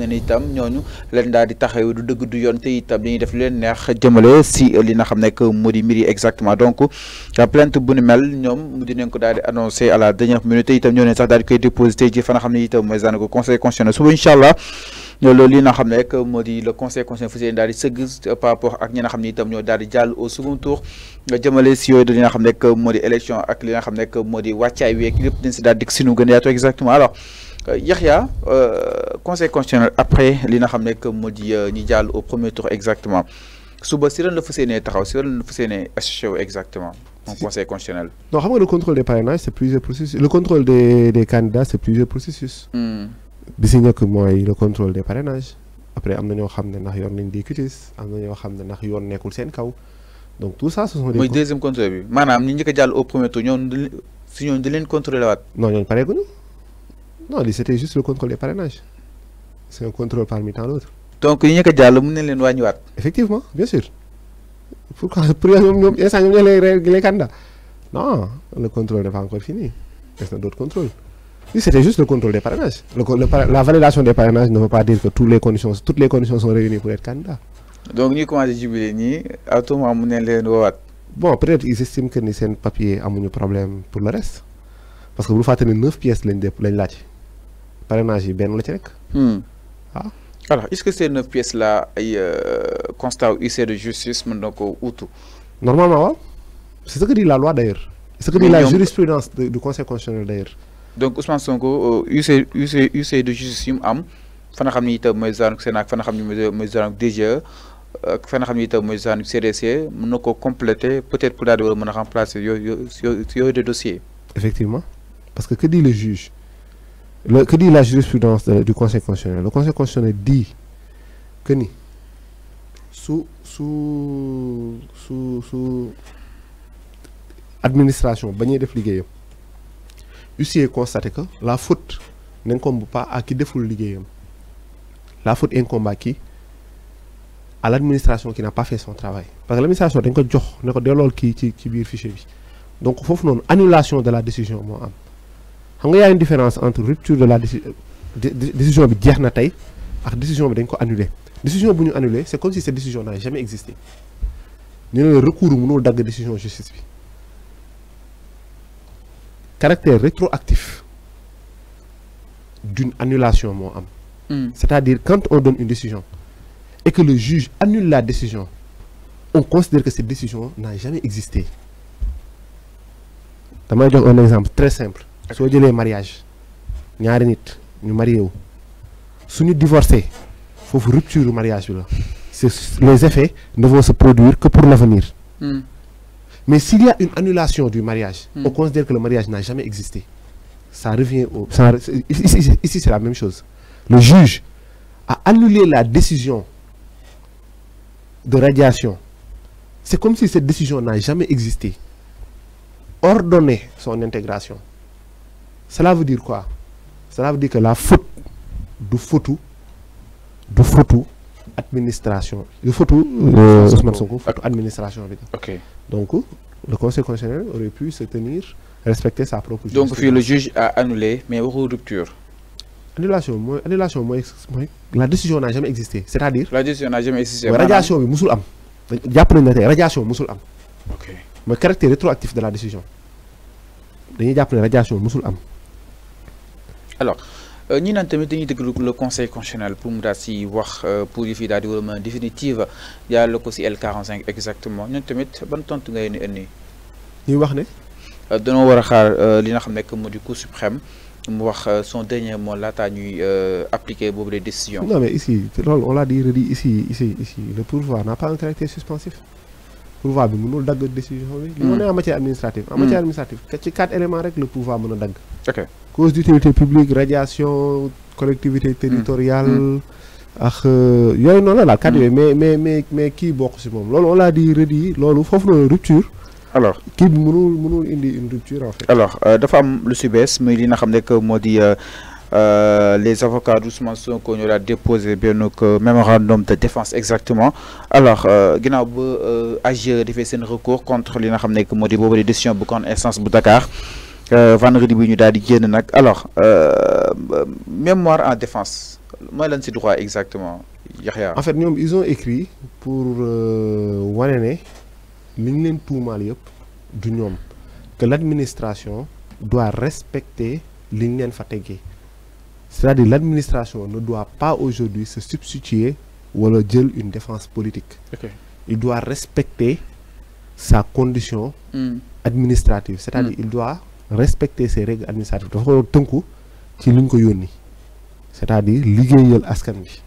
ne itam ñooñu leen daal di taxaw du dëgg du yoon te itam dañuy def leen neex jëmale si li na xam nekk moo di mbiri exactement donc plainte bu ni mel ñoom dinañ ko daal di annoncé à la dernière minute te itam ñoo ne sax daal di koy déposé ji fa xam ne itam mooy ko conseil constitutionnel suba incha allah Le Conseil constitutionnel le conseil constitutionnel le par rapport ak constitutionnel, le au second tour le le Conseil constitutionnel, le Conseil élection ak a exactement alors le euh, euh, conseil constitutionnel après li constitutionnel, euh, au tour exactement conseil constitutionnel. le contrôle des c'est plusieurs processus le contrôle des candidats c'est plusieurs processus. Hmm bi si moy le contrôle des parrainages après am na xamné nak ne ndax yoon nañ di cutis am na xamné nak ne ndax yoon nekkul seen kaw donc tout ça ce sont des moy deuxième contrôle bi maanaam ñi njëkk jall au premier tour ñoom si ñoom di leen contrôler wat non ñooñu pareeguñu non li c'était juste le contrôle des parrainages c'est un contrôle parmi tant d'autres donc ñi njëkk jall mu mën nañ leen wàññiwaat effectivement bien sûr pourquoi pour ñoom ñoom instant ñoom ñooy les les kanda non le contrôle n'est pas encore fini y a d'autres contrôles c'était juste le contrôle des parrainages. la validation des parrainages ne veut pas dire que toutes les conditions, toutes les conditions sont réunies pour être candidat. Donc, nous, dit à tout moment, Bon, peut-être qu'ils estiment que les un papier a un problème pour le reste. Parce que vous faites neuf pièces de parrainages, Parrainage, ben le tchèque. Ah. Alors, est-ce que ces 9 pièces-là, constatent ici le de justice, donc, ou tout Normalement, C'est ce que dit la loi d'ailleurs. C'est ce que dit la jurisprudence du Conseil constitutionnel d'ailleurs donc Ousmane Sonko UC UC UC de justice am DGE CDC e, peut-être pour remplacer sur dossier. effectivement parce que que dit le juge que dit la jurisprudence du conseil constitutionnel le conseil constitutionnel dit que ni sous administration def est constaté que la faute n'incombe pas à qui défoule l'IGM. La faute incombe à qui À l'administration qui n'a pas fait son travail. Parce que l'administration, elle a de qui qui fichier. Donc, il faut une annulation de la décision. Il y a une différence entre rupture de la décision de bi jeex et décision annulée. La décision annulée c'est comme si cette décision n'avait jamais existé nous avons recours à la décision justice caractère rétroactif d'une annulation hmm. c'est-à-dire quand on donne une décision et que le juge annule la décision on considère que cette décision n'a jamais existé vous un exemple très simple soo un mariage ñaari nit ñu si wu suñu divorcé faut rupture mariage les effets ne vont se produire que pour l'avenir hmm. Mais s'il y a une annulation du mariage, hmm. on considère que le mariage n'a jamais existé. Ça revient au... ici, c'est la même chose. Le juge a annulé la décision de radiation. C'est comme si cette décision n'a jamais existé. Ordonner son intégration. Cela veut dire quoi Cela veut dire que la faute du photo, de photo, administration il faut tout euh, Sonko administration donc le conseil constitutionnel aurait pu se tenir respecter sa propre donc le juge a annulé mais au rupture annulation annulation la décision n'a jamais existé c'est-à-dire la décision n'a jamais existé radiation bi musul am radiation musul am ok caractère rétroactif de la décision dañuy radiation musul am alors euh, nous tamit le conseil constitutionnel pour mu euh, pour di a L45 exactement ñun tamit ban tontu ngay wax euh, xaar suprême son dernier mot décisions. non mais ici on l'a dit ici ici ici le pouvoir n'a pas un caractère suspensif. nous bi décision bi. li en matière administrative. en hmm. administrative ci quatre éléments le pouvoir ok cause d'utilité publique radiation collectivité hmm. territoriale. Hmm. ak euh, yooyu non, la daal kàddu hmm. yooyu mais mais mais mais qui bokk si moom on l'a dit redit loolu foofu une rupture. alors Qui nous mënul indi une rupture en fait. alors euh, dafa am lu si bees muy li nga xam nekk moo di. Euh, euh, les avocats d'Ousmane Sonko ñoo daal déposé benn mémorandum de défense exactement alors euh, ba e de faire seen recours contre li nga xam ne moo di boobu di décision bu bu Dakar. Euh, alors euh, mémoire en défense mooy lan droit exactement en fait ils ont écrit pour euh, wane que l'administration doit respecter li ñu fa c'est-à-dire que l'administration ne doit pas aujourd'hui se substituer wala jël une défense politique il doit respecter sa condition hmm. administrative c'est-à-dire hmm. il doit respecter ces règles administratives dafa ko tënku ci li ñu ko yónni c'est-à-dire liggéeyal askan bi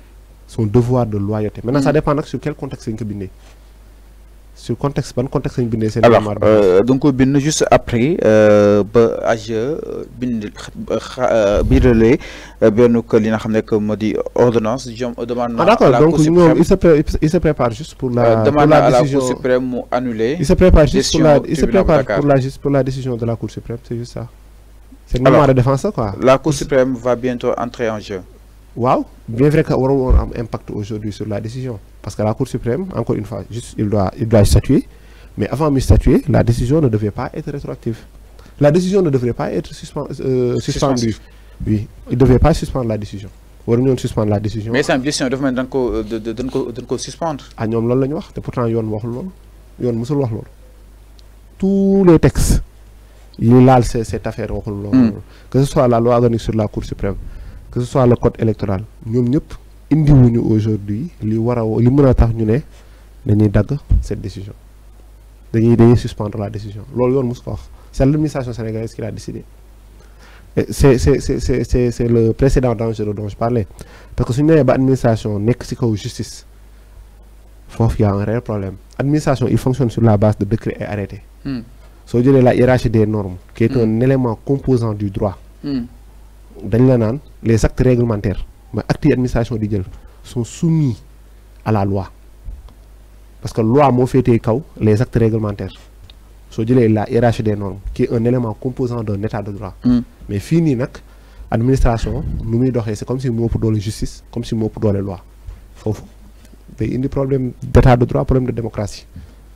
son devoir de loyauté maintenant ça mm. dépend nag sur quel contexte lañ ko bindee sur contexte ban contexte lañ bindee seen. alors euh donc ko bind juste après euh, ba AGE euh, bind euh, xa birale benn li nga xam que ordonnance jom demande. ah d'accord donc il se il se prépare juste pour la. pour la décision la cour suprême annulée il se prépare juste pour la il se prépare pour la juste pour la décision de la cour suprême c'est juste ça. c'est le marbre de défense quoi. la cour suprême va bientôt entrer en jeu. waouh bien vrai que waroon woon am impact aujourd'hui sur la décision. Parce que la Cour suprême, encore une fois, il, doit, statuer. Mais avant de statuer, la décision ne devait pas être rétroactive. La décision ne devrait pas être euh, suspendue. Oui, il ne devait pas suspendre la décision. la décision. mais une décision euh, de de suspendre. Ah, pourtant tous les textes Il a cette affaire hmm. que ce soit la loi organique sur la cour suprême que ce soit le code électoral Nous, indiwuñu aujourd'hui li war li mëna tax ñu dañuy cette décision dañuy dañuy suspendre la décision loolu yoon wax c'est l'administration sénégalaise qui l'a décidé c'est c'est c'est le précédent dangereux dont je parlais parce que suñu né ba administration nek ci kaw justice il y a un réel problème administration il fonctionne sur la base de décrets et arrêtés hmm. so jëlé la hiérarchie des normes qui est hmm. un élément composant du droit hmm. dañ la nan, les actes réglementaires mais actes d'administration administration sont soumis à la loi parce que la loi moo fait kaw les actes réglementaires sont la hiérarchie des normes qui est un élément composant d'un état de droit mm. mais fini nak administration c'est comme si moo pour la justice comme si moo pour la loi y a des problèmes d'état de droit problème de démocratie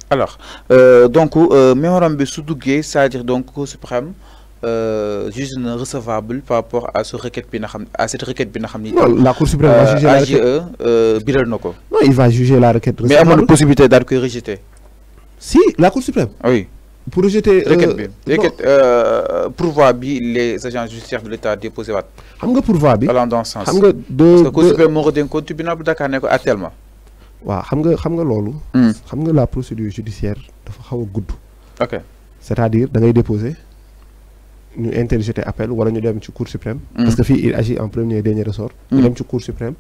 alors euh, donc euh, a bi de c'est-à-dire donc au suprême euh, juge na recevable par rapport à ce requête à cette requête bien non la cour suprême va euh, juger la e, requête euh, biral non il va juger la requête. mais amoon na possibilité daal koy rejeter. si la cour suprême. oui pour rejeter. requête bien requête pourvoi bi les agents judiciaires de l'État déposé waat. xam nga pourvoi bi. allant dans ce sens. xam nga de parce que cour suprême moo ko dénkoon tribunal bu Dakar ne ko actuellement. waaw xam nga xam nga loolu. Hmm. xam nga la procédure judiciaire dafa xaw a ok c'est-à-dire da ngay déposer nous interjeter appel nous ñu dem ci cour suprême. Mm. parce que fi, il agit en premier et dernier ressort. ñu mm. dem ci cour suprême.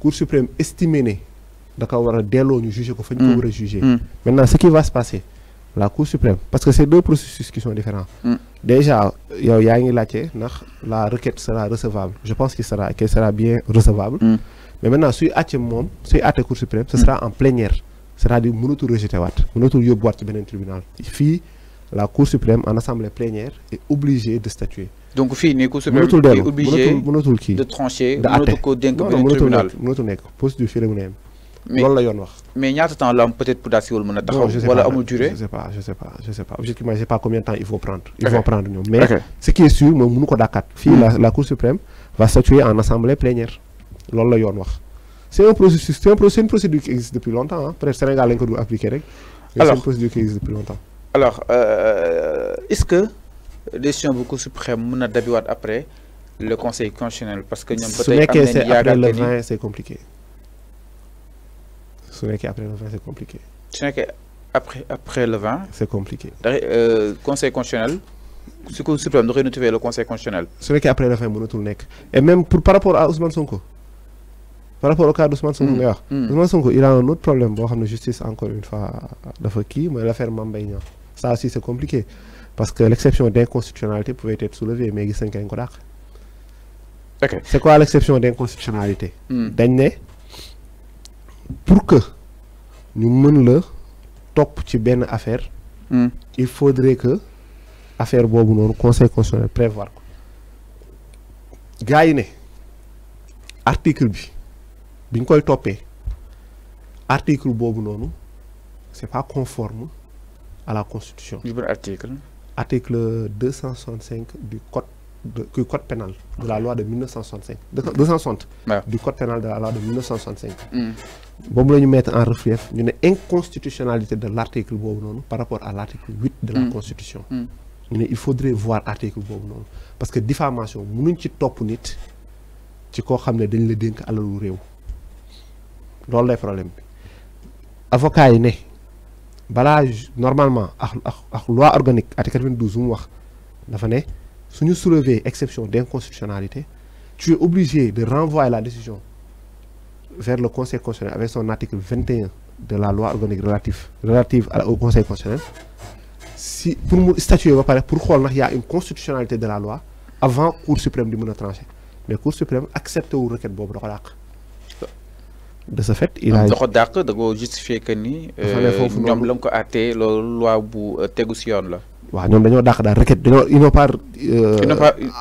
cour suprême estimé né da ko war a ñu juger mm. maintenant ce qui va se passer la cour suprême parce que c'est deux processus qui sont différents. déjà il y a une ndax la requête sera recevable je pense sera qu'elle sera bien recevable. mais maintenant si àtte moom suy la cour suprême ce sera en plénière c'est-à-dire mënatul rejeter waat mënatul boîte, ci un tribunal la Cour suprême en assemblée plénière est obligée de statuer. donc fini, Cour suprême est obligée de trancher mënatu ko dénk benn tribunal mais nekk procédure a mais temps là peut-être pour daal si wala mën a taxaw wala amul durée je sais pas je sais pas je sais pas objectivement je sais pas combien de temps il faut prendre il faut prendre mais ce qui est sûr mooy nous, ko dàkkaat fii la hmm. la Cour suprême va statuer en assemblée plénière loolu la yoon wax c'est un processus c'est un procédure qui existe depuis longtemps ah peut-être Sénégal lañ ko appliquer rek c'est une procédure qui existe depuis longtemps hein alors euh, est-ce que décision du suprême mun na après le conseil constitutionnel parce que nous avons peut-être nañu après le 20 c'est compliqué su après le 20 c'est compliqué. su après après le 20. c'est compliqué. euh, conseil constitutionnel ce cours suprême doit renouveler notifier le conseil constitutionnel. su nekkee après le 20 peut-être nekk et même pour par rapport à Ousmane Sonko. par rapport au cas d'Ousmane Sonko mm, nga mm. Ousmane Sonko il a un autre problème bon, la justice encore une fois dafa l'affaire Mame ça aussi, c'est compliqué. Parce que l'exception d'inconstitutionnalité pouvait être soulevée, mais il y a C'est quoi l'exception d'inconstitutionnalité hmm. Pour que nous le top de l'affaire affaire, hmm. il faudrait que l'affaire Bobo, le Conseil constitutionnel prévoir. article b bien le topé, article non c'est pas conforme à la Constitution. article Article 265 du Code, du code pénal de la loi de 1965. 260 du Code pénal de la loi de 1965. Bon, nous mettre en relief une inconstitutionnalité de l'article par rapport à l'article 8 de la hmm. Constitution. Hmm. Il faudrait voir l'article Parce que diffamation, nous ne top pas ci koo que dañ la dénk C'est le problème avocat yi ne normalement ak loi organique article 92 mu wax dafa né suñu soulever exception d'inconstitutionnalité tu es obligé de renvoyer la décision vers le conseil constitutionnel avec son article 21 de la loi organique relative relative au conseil constitutionnel si pour statuer ba pour il y a une constitutionnalité de la loi avant cour suprême du monde mais cour suprême accepte ou requête de la loi de ce fait il a. da d'accord de justifier que ni. ñom euh, ñoom ko àttee loolu loi bu euh, téggu si yoon la. waaw ñoom dañoo dàq daal requête dañoo ils n'ont pas.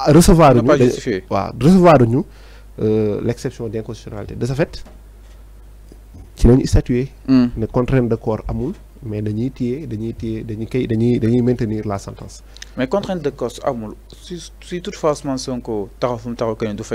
recevoir ñu wa recevoir ñu l'exception exception d' de ce fait ci lañu statuer. Hmm. ne contrainte de corps amul. mais dañuy téye dañuy téye dañuy kay dañuy dañuy maintenir la sentence. mais contrainte de corps amul si si toutefois Ousmane Sonko taxaw fu mu taxaw du fay.